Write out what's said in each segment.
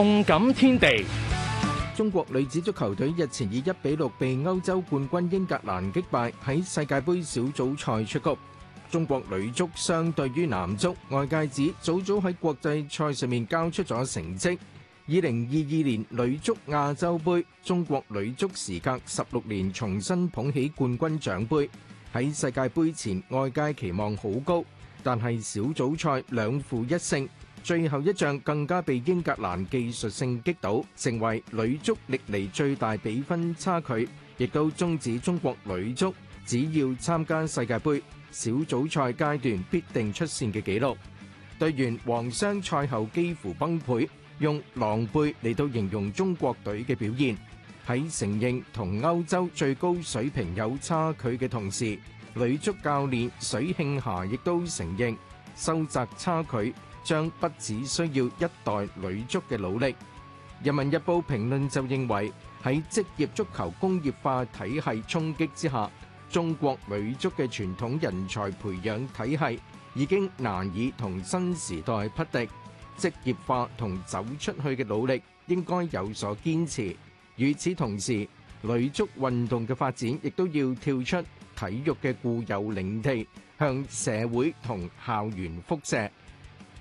動感天地，中國女子足球隊日前以一比六被歐洲冠軍英格蘭擊敗，喺世界杯小組賽出局。中國女足相對於男足，外界指早早喺國際賽上面交出咗成績。二零二二年女足亞洲杯，中國女足時隔十六年重新捧起冠軍獎杯。喺世界杯前，外界期望好高，但係小組賽兩負一勝。最後一仗更加被英格蘭技術性擊倒，成為女足歷嚟最大比分差距，亦都終止中國女足只要參加世界杯小組賽階段必定出線嘅紀錄。隊員王雙賽後幾乎崩潰，用狼狽嚟到形容中國隊嘅表現，喺承認同歐洲最高水平有差距嘅同時，女足教練水慶霞亦都承認收窄差距將不只需要一代女足嘅努力，《人民日報》評論就認為喺職業足球工業化體系衝擊之下，中國女足嘅傳統人才培養體系已經難以同新時代匹敵，職業化同走出去嘅努力應該有所堅持。與此同時，女足運動嘅發展亦都要跳出體育嘅固有領地，向社會同校園輻射。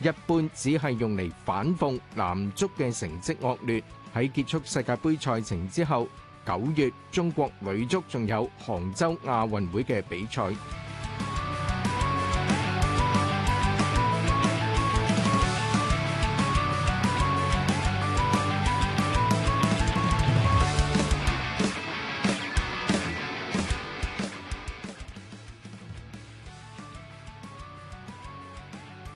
一般只係用嚟反諷男足嘅成績惡劣。喺結束世界盃賽程之後，九月中國女足仲有杭州亞運會嘅比賽。